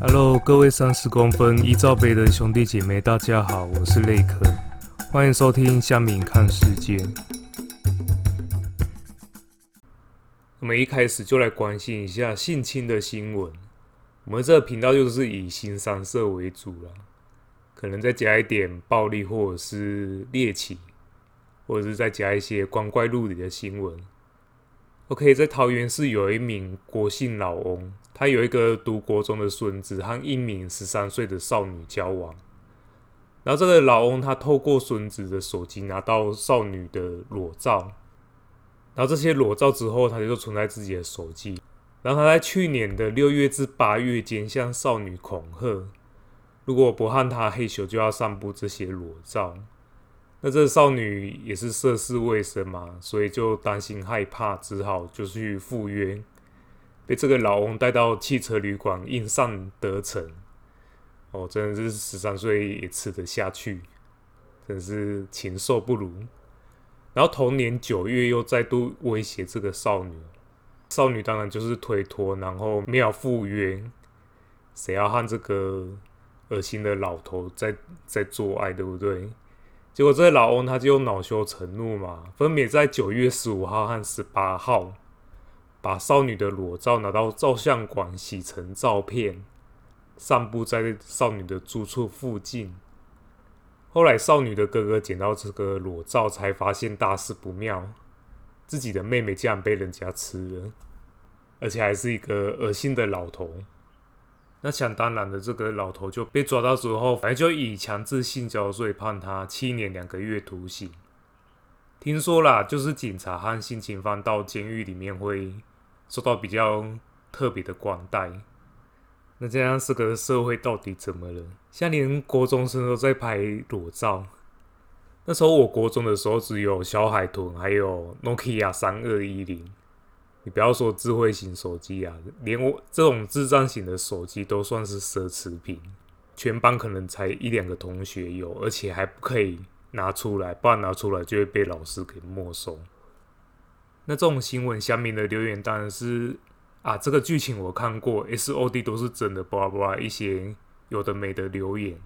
Hello，各位三十公分一罩杯的兄弟姐妹，大家好，我是淚科，歡迎收聽《蝦米看世界》。我們一開始就來關心一下性侵的新聞。我們這個頻道就是以新三色為主了，可能再加一點暴力或者是獵奇，或者是再加一些光怪陸離的新聞。OK，在桃園市有一名郭姓老翁，他有一個讀國中的孫子和一名十三歲的少女交往。然後這個老翁他透過孫子的手機拿到少女的裸照，然後這些裸照之後他就存在自己的手機。然後他在去年的六月至八月間向少女恐嚇，如果不和他黑手就要散布這些裸照。那這個少女也是涉世未深嘛，所以就擔心害怕，只好就去赴約，被這個老翁帶到汽車旅館，硬上得逞。哦，真的是十三歲也吃得下去，真是禽獸不如。然後同年九月又再度威脅這個少女，少女當然就是推脫，然後沒有赴約。誰要和這個噁心的老頭在在做愛，對不對？結果，這位老翁，他就惱羞成怒嘛，分別在九月十五號和十八號，把少女的裸照拿到照相館洗成照片，散布在少女的住處附近。後來，少女的哥哥撿到這個裸照，才發現大事不妙，自己的妹妹竟然被人家吃了，而且還是一個噁心的老頭。那想當然的，這個老頭就被抓到之後，反正就以強制性交罪判他七年兩個月徒刑。聽說啦，就是警察和性侵犯到監獄裡面會受到比較特別的關待。那這樣這個社會到底怎麼了？現在連國中生都在拍裸照。那時候我國中的時候只有小海豚，還有 Nokia 3210。你不要說智慧型手機啊，連我這種智障型的手機都算是奢侈品，全班可能才一兩個同學有，而且還不可以拿出來，不然拿出來就會被老師給沒收。那這種新聞下面的留言當然是啊，這個劇情我看過，SOD 都是真的 blah blah，一些有的沒的留言。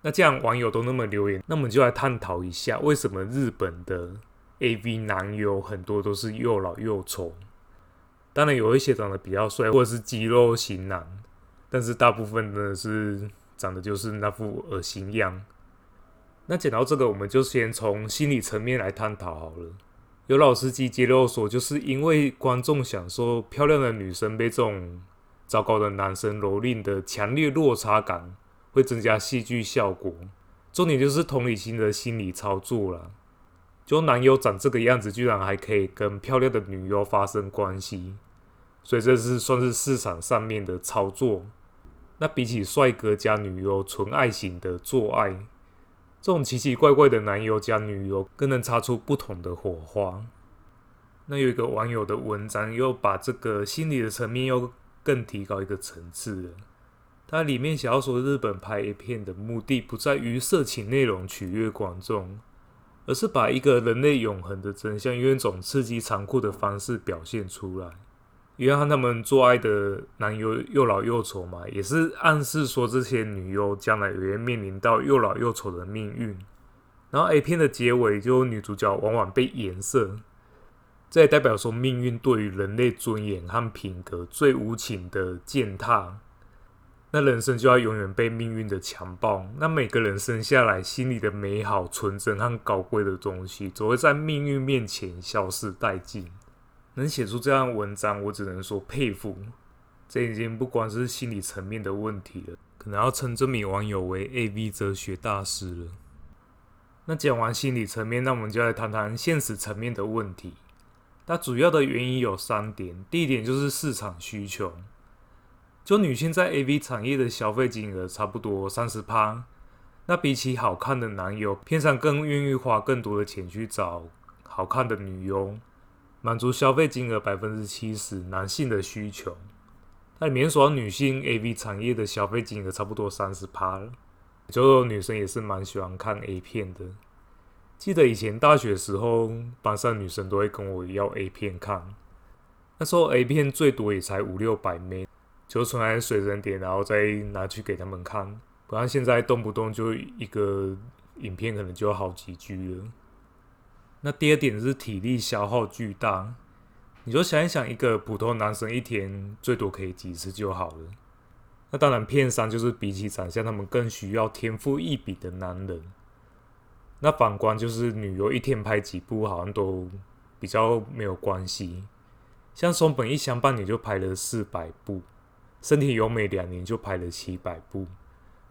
那既然網友都那麼留言，那我們就來探討一下，為什麼日本的？AV 男優很多都是又老又醜，當然有一些長得比較帥，或者是肌肉型男，但是大部分呢是長得就是那副惡心樣。那講到這個，我們就先從心理層面來探討好了。有老司機揭露說，就是因為觀眾想說漂亮的女生被這種糟糕的男生蹂躪的強烈落差感，會增加戲劇效果。重點就是同理心的心理操作啦。就男優長這個樣子，居然還可以跟漂亮的女優發生關係，所以這是算是市場上面的操作。那比起帥哥加女優純愛型的做愛，這種奇奇怪怪的男優加女優更能擦出不同的火花。那有一個網友的文章又把這個心理的層面又更提高一個層次了。他裡面想要說日本拍 A 片的目的不在於色情內容取悅觀眾。而是把一個人類永恆的真相，用一種刺激殘酷的方式表現出來。約翰他們做愛的男優又老又醜嘛，也是暗示說這些女優將來也會面臨到又老又醜的命運。然後 A 片的結尾，就女主角往往被顏射，這也代表說命運對於人類尊嚴和品格最無情的踐踏。那人生就要永遠被命運的強暴。那每個人生下來，心裡的美好、純真和高貴的東西，總會在命運面前消失殆盡。能寫出這樣文章，我只能說佩服。這已經不光是心理層面的問題了，可能要稱這名網友為 AV 哲學大師了。那講完心理層面，那我們就來談談現實層面的問題。它主要的原因有三點，第一點就是市場需求。就女性在 A V 產業的消費金額差不多三十趴，那比起好看的男友片商更願意花更多的錢去找好看的女優，滿足消費金額百分之七十男性的需求。但裡面所有女性 A V 產業的消費金額差不多三十趴了，就說女生也是蠻喜歡看 A 片的。記得以前大學時候，班上女生都會跟我要 A 片看，那時候 A 片最多也才五六百 M。就存來水印點，然後再拿去給他們看。不然現在動不動就一個影片可能就好幾 G 了。那第二點是體力消耗巨大。你就想一想，一個普通男生一天最多可以幾次就好了。那當然，片商就是比起長相，他們更需要天賦異稟的男人。那反觀就是女優一天拍幾部，好像都比較沒有關係。像松本一箱半年就拍了四百部。身體有每兩年就拍了七百部，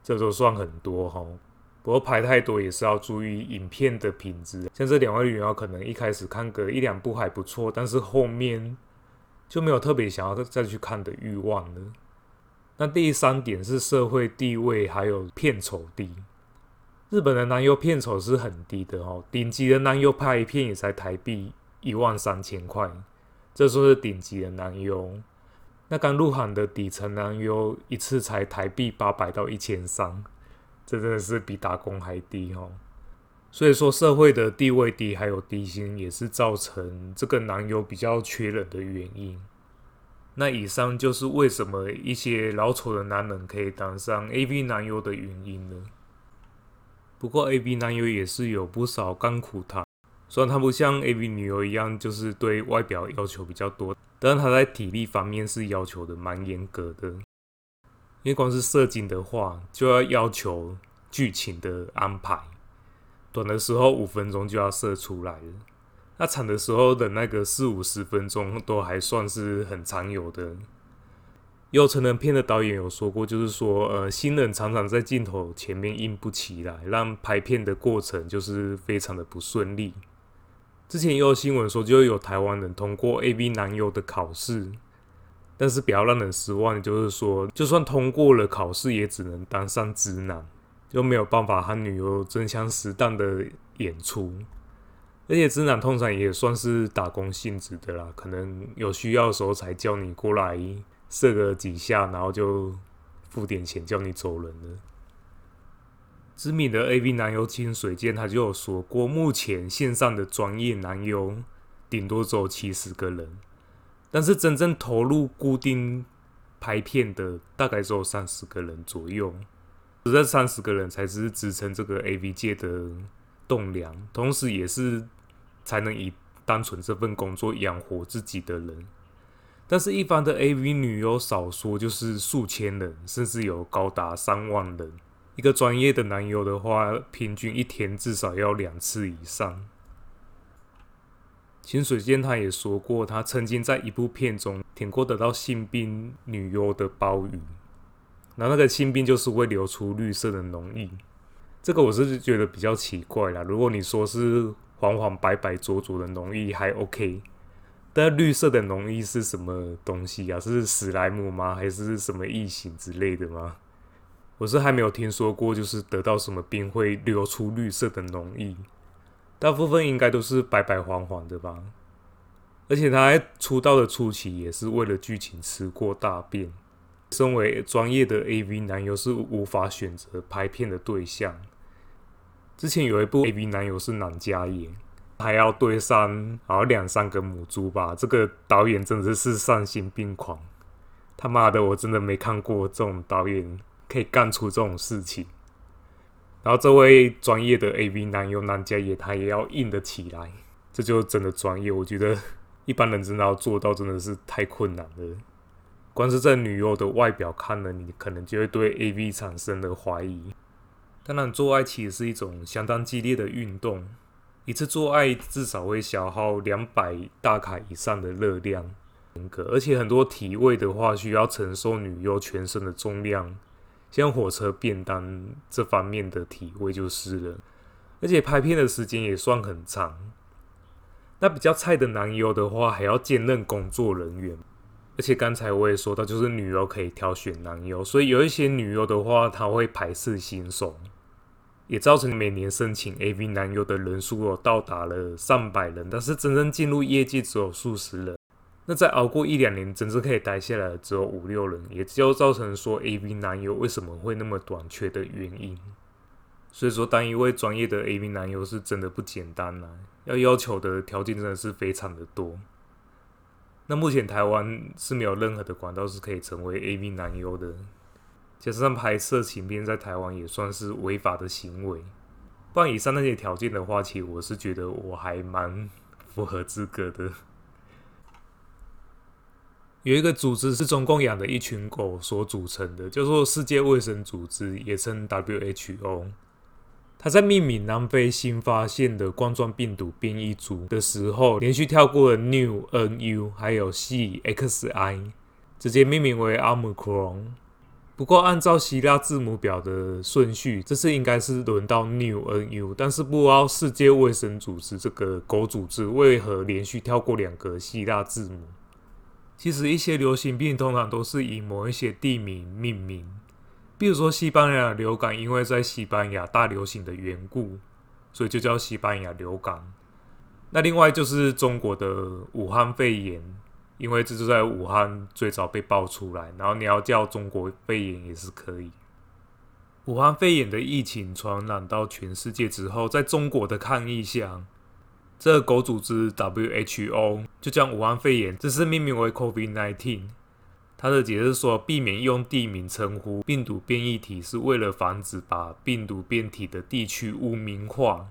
這都算很多哈、哦。不過拍太多也是要注意影片的品質。像這兩位女優可能一開始看個一兩部還不錯，但是後面就沒有特別想要再去看的欲望了。那第三點是社會地位還有片酬低。日本的男優片酬是很低的哦，頂級的男優拍一片也才台幣一萬三千塊，這算是頂級的男優。那剛入行的底層男優一次才台幣八百到一千三，這真的是比打工還低哦。所以說社會的地位低，還有低薪，也是造成這個男優比較缺人的原因。那以上就是為什麼一些老醜的男人可以當上 AV 男優的原因呢。不過 AV 男優也是有不少甘苦談，雖然他不像 AV 女優一樣，就是對外表要求比較多。但他在體力方面是要求的蠻嚴格的，因為光是射精的話，就要要求劇情的安排，短的時候五分鐘就要射出來了，那長的時候的那個四五十分鐘都還算是很常有的。又成人片的導演有說過，就是說，呃，新人常常在鏡頭前面硬不起來，讓拍片的過程就是非常的不順利。之前也有新聞說，就有台灣人通過 AV 男優的考試，但是比較讓人失望的就是說，就算通過了考試，也只能當上直男，就沒有辦法和女優真槍實彈的演出。而且直男通常也算是打工性質的啦，可能有需要的時候才叫你過來射個幾下，然後就付點錢叫你走人了。知名的 AV 男優清水健，他就有說過，目前線上的專業男優頂多只有七十個人，但是真正投入固定拍片的，大概只有三十個人左右。這三十個人才是支撐這個 AV 界的棟梁，同時也是才能以單純這份工作養活自己的人。但是，一般的 AV 女優，少說就是數千人，甚至有高達三萬人。一個專業的男優的話，平均一天至少要兩次以上。清水健他也說過，他曾經在一部片中舔過得到性病女優的鮑魚，那那個性病就是會流出綠色的膿液，這個我是覺得比較奇怪啦。如果你說是黃黃白白濁濁的膿液還 OK，但綠色的膿液是什麼東西啊？是史萊姆嗎？還是什麼異形之類的嗎？我是還沒有聽說過，就是得到什麼病會流出綠色的膿液，大部分應該都是白白黃黃的吧。而且他在出道的初期也是為了劇情吃過大便。身為專業的 AV 男優是無法選擇拍片的對象。之前有一部 AV 男優是男家演，還要對上好像兩三個母豬吧，這個導演真的是喪心病狂！他媽的，我真的沒看過這種導演。可以幹出這種事情，然後這位專業的 AV 男優男家也他也要硬得起來，這就真的專業。我覺得一般人真的要做到真的是太困難了。光是在女優的外表看了，你可能就會對 AV 產生了懷疑。當然，做愛其實是一種相當激烈的運動，一次做愛至少會消耗兩百大卡以上的熱量，而且很多體位的話需要承受女優全身的重量。像火車便當這方面的體會就是了，而且拍片的時間也算很長。那比較菜的男優的話，還要兼任工作人員。而且剛才我也說到，就是女優可以挑選男優，所以有一些女優的話，她會排斥新手，也造成每年申請 AV 男優的人數有到達了上百人，但是真正進入業界只有數十人。那再熬過一兩年，真正可以待下來的只有五六人，也就造成說 AV 男優為什麼會那麼短缺的原因。所以說，當一位專業的 AV 男優是真的不簡單啦，要要求的條件真的是非常的多。那目前台灣是沒有任何的管道是可以成為 AV 男優的，加上拍攝色情片在台灣也算是違法的行為。不然以上那些條件的話，其實我是覺得我還蠻符合資格的。有一個組織是中共養的一群狗所組成的，叫做世界衛生組織，也稱 WHO。它在命名南非新發現的冠狀病毒變異株的時候，連續跳過了 New N U 還有 C X I，直接命名為 Omicron。不過按照希臘字母表的順序，這次應該是輪到 New N U，但是不知道世界衛生組織這個狗組織為何連續跳過兩個希臘字母。其實一些流行病通常都是以某一些地名命名，比如說西班牙流感，因為在西班牙大流行的緣故，所以就叫西班牙流感。那另外就是中國的武漢肺炎，因為這就在武漢最早被爆出來，然後你要叫中國肺炎也是可以。武漢肺炎的疫情傳染到全世界之後，在中國的抗議下。這個狗組織 WHO 就將武漢肺炎正式命名為 COVID-19。他的解釋說，避免用地名稱呼病毒變異體，是為了防止把病毒變體的地區污名化。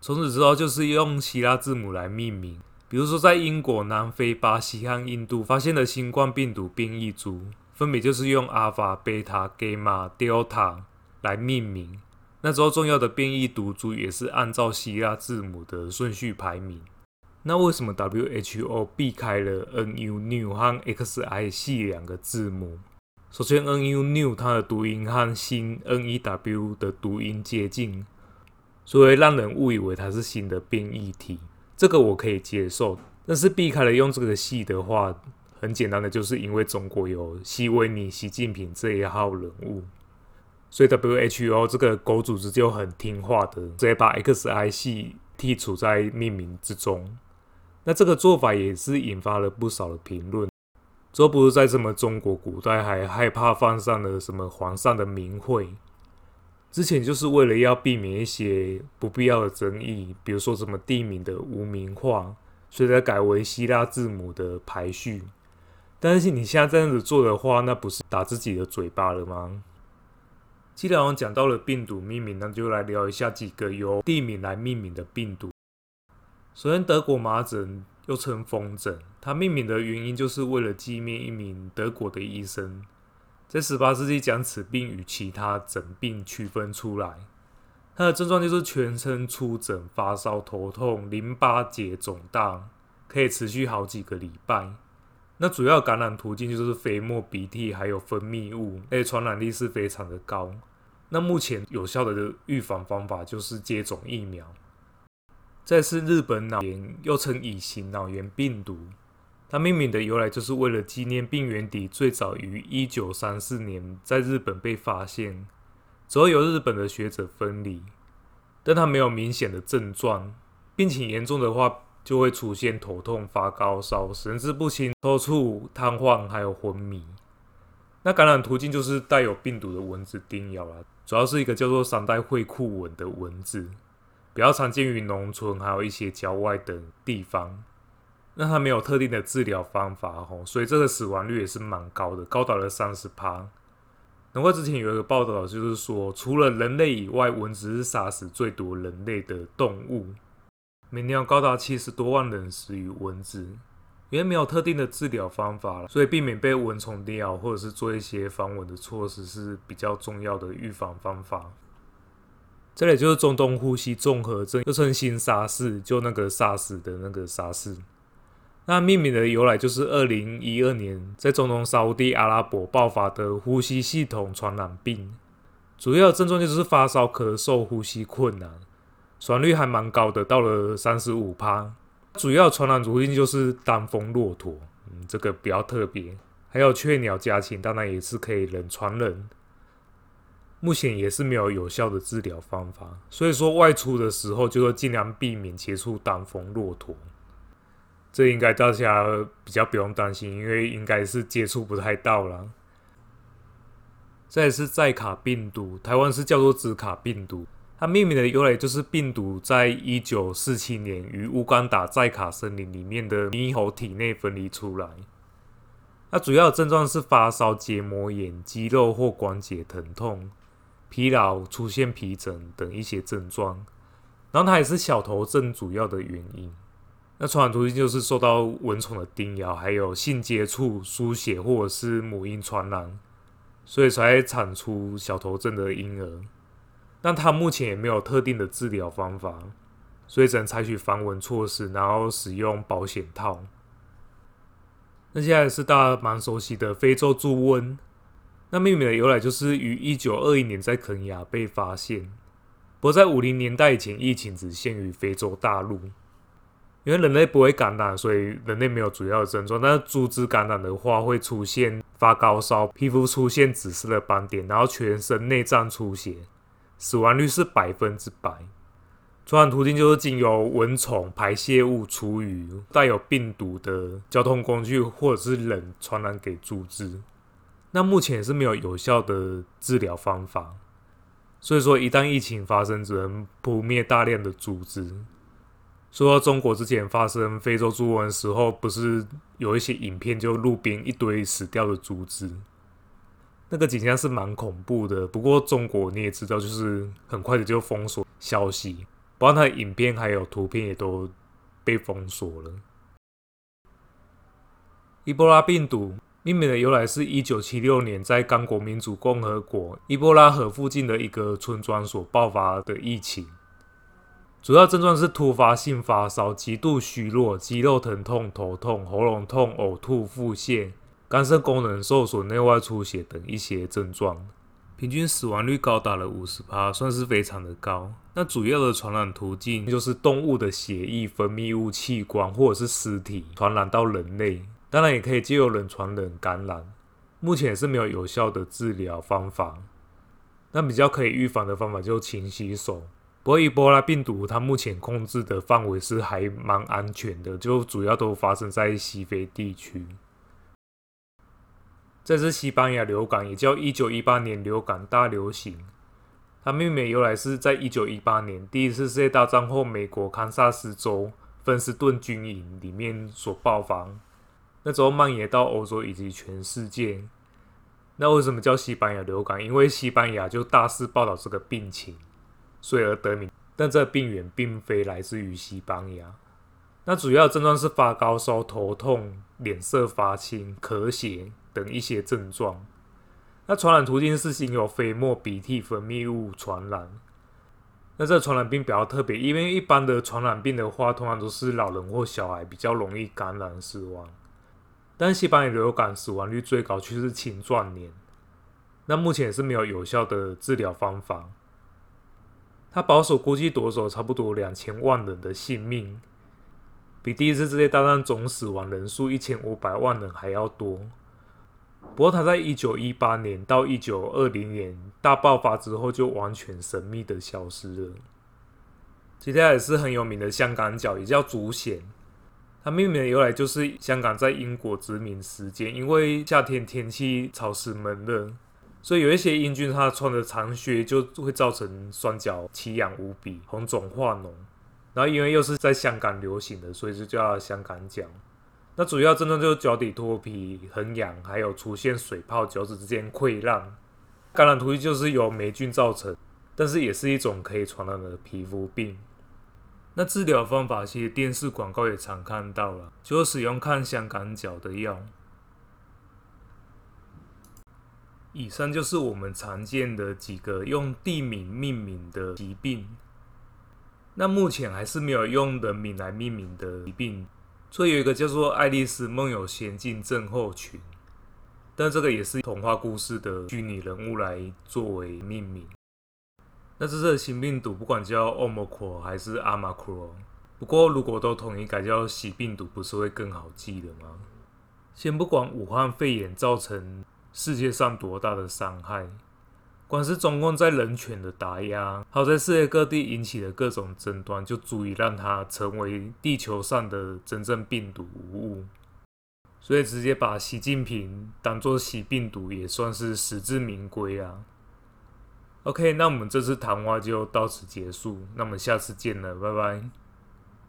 從此之後，就是用希臘字母來命名，比如說在英國、南非、巴西和印度發現了新冠病毒變異株，分別就是用 Alpha、Beta、Gamma、Delta 來命名。那時候重要的變異毒株也是按照希臘字母的順序排名。那為什麼 WHO 避開了 N U New 和 X I 系兩個字母？首先，N U New 它的讀音和新 N E W 的讀音接近，所以讓人誤以為它是新的變異體，這個我可以接受。但是避開了用這個系的話，很簡單的，就是因為中國有習維尼、習近平這一號人物。所以 WHO 這個狗組織就很聽話的，直接把 XIC 剔除在命名之中。那這個做法也是引發了不少的評論。這不是在什麼中國古代還害怕犯上了什麼皇上的名諱？之前就是為了要避免一些不必要的爭議，比如說什麼地名的無名化，所以才改為希臘字母的排序。但是你現在這樣子做的話，那不是打自己的嘴巴了嗎？既然我們講到了病毒命名，那就來聊一下幾個由地名來命名的病毒。首先，德國麻疹又稱風疹，它命名的原因就是為了紀念一名德國的醫生，在十八世紀將此病與其他疹病區分出來。它的症狀就是全身出疹，發燒，頭痛、淋巴結腫大，可以持續好幾個禮拜。那主要感染途徑就是飛沫、鼻涕，還有分泌物，而且傳染力是非常的高。那目前有效的預防方法就是接種疫苗。再是日本腦炎，又稱乙型腦炎病毒，它命名的由來就是為了紀念病原體最早於一九三四年在日本被發現，主要由日本的學者分離，但它沒有明顯的症狀，病情嚴重的話。就會出現頭痛、發高燒、神志不清、抽搐、癱瘓，還有昏迷。那感染途徑就是帶有病毒的蚊子叮咬了，主要是一個叫做三帶喙庫蚊的蚊子，比較常見於農村，還有一些郊外的地方。那它沒有特定的治療方法哦，所以這個死亡率也是蠻高的，高達了三十趴。難怪之前有一個報道，就是說除了人類以外，蚊子是殺死最多人類的動物。每年高達七十多萬人死於蚊子，因為沒有特定的治療方法了，所以避免被蚊蟲叮咬或者是做一些防蚊的措施是比較重要的預防方法。這裡就是中東呼吸綜合症，又稱新沙士，就那個沙士的那個沙士。那命名的由來就是二零一二年在中東沙烏地阿拉伯爆發的呼吸系統傳染病，主要的症狀就是發燒、咳嗽、呼吸困難。旋率還蠻高的，到了三十五趴。主要傳染途徑就是單峰駱駝，嗯，這個比較特別。還有雀鳥家禽，當然也是可以人傳人。目前也是沒有有效的治療方法，所以說外出的時候就會盡量避免接觸單峰駱駝。這應該大家比較不用擔心，因為應該是接觸不太到了。再來是寨卡病毒，台灣是叫做茲卡病毒。它命名的由來就是病毒在一九四七年於烏干達寨卡森林裡面的獼猴體內分離出來。它主要的症狀是發燒、結膜炎、肌肉或關節疼痛、疲勞、出現皮疹等一些症狀。然後它也是小頭症主要的原因。那傳染途徑就是受到蚊蟲的叮咬，還有性接觸、輸血或者是母嬰傳染，所以才產出小頭症的嬰兒。那它目前也沒有特定的治療方法，所以只能採取防蚊措施，然後使用保險套。那現在是大家蠻熟悉的非洲豬瘟。那命名的由來就是於一九二一年在肯亞被發現。不過在五零年代以前，疫情只限於非洲大陸，因為人類不會感染，所以人類沒有主要的症狀。那豬隻感染的話，會出現發高燒、皮膚出現紫色的斑點，然後全身內臟出血。死亡率是百分之百，傳染途徑就是經由蚊蟲排泄物，廚餘，帶有病毒的交通工具或者是人傳染給豬隻。那目前也是沒有有效的治療方法，所以說一旦疫情發生，只能撲滅大量的豬隻。說到中國之前發生非洲豬瘟時候，不是有一些影片就路邊一堆死掉的豬隻。那個景象是蠻恐怖的，不過中國你也知道，就是很快的就封鎖消息，包括它的影片還有圖片也都被封鎖了。伊波拉病毒命名的由來是一九七六年在剛果民主共和國伊波拉河附近的一個村莊所爆發的疫情，主要症狀是突發性發燒、極度虛弱、肌肉疼痛、頭痛、喉嚨痛、嘔吐、腹瀉。肝腎功能受損、內外出血等一些症狀，平均死亡率高達了50%，算是非常的高。那主要的傳染途徑就是動物的血液、分泌物、器官或者是屍體傳染到人類，當然也可以借由人傳人感染。目前也是沒有有效的治療方法，那比較可以預防的方法就是勤洗手。不過伊波拉病毒它目前控制的範圍是還蠻安全的，就主要都發生在西非地區。這是西班牙流感，也叫一九一八年流感大流行。它命名由來是在一九一八年第一次世界大戰後，美國堪薩斯州芬斯頓軍營裡面所爆發，那時候蔓延到歐洲以及全世界。那為什麼叫西班牙流感？因為西班牙就大肆報道這個病情，所以而得名。但這個病原並非來自於西班牙。那主要的症狀是發高燒、頭痛、臉色發青、咳血。等一些症狀。那傳染途徑是經由飛沫、鼻涕、分泌物傳染。那這傳染病比較特別，因為一般的傳染病的話，通常都是老人或小孩比較容易感染死亡。但西班牙流感死亡率最高卻是青壯年。那目前也是沒有有效的治療方法。他保守估計奪走差不多兩千萬人的性命，比第一次世界大戰總死亡人數一千五百萬人還要多。不過他在一九一八年到一九二零年大爆發之後就完全神秘的消失了。接下來也是很有名的香港腳，也叫足癬。它命名的由來就是香港在英國殖民時間，因為夏天天氣潮濕悶熱，所以有一些英軍他穿着長靴，就會造成雙腳奇癢無比，紅腫化膿。然後因為又是在香港流行的，所以就叫香港腳。那主要症狀就是腳底脫皮、很癢，還有出現水泡、腳趾之間潰爛。感染途徑就是由黴菌造成，但是也是一種可以傳染的皮膚病。那治療方法其實電視廣告也常看到了，就使用抗香港腳的藥。以上就是我們常見的幾個用地名命名的疾病。那目前還是沒有用人名來命名的疾病。所以有一個叫做《愛麗絲夢遊仙境》症候群，但這個也是童話故事的虛擬人物來作為命名。那這次的新病毒，不管叫歐莫克還是阿馬克羅，不過如果都統一改叫“習病毒”，不是會更好記得嗎？先不管武漢肺炎造成世界上多大的傷害。光是中共在人權的打壓，還有在世界各地引起的各種爭端，就足以讓它成為地球上的真正病毒無誤。所以直接把習近平當做習病毒，也算是實至名歸啊。OK，那我們這次談話就到此結束，那我們下次見了，拜拜。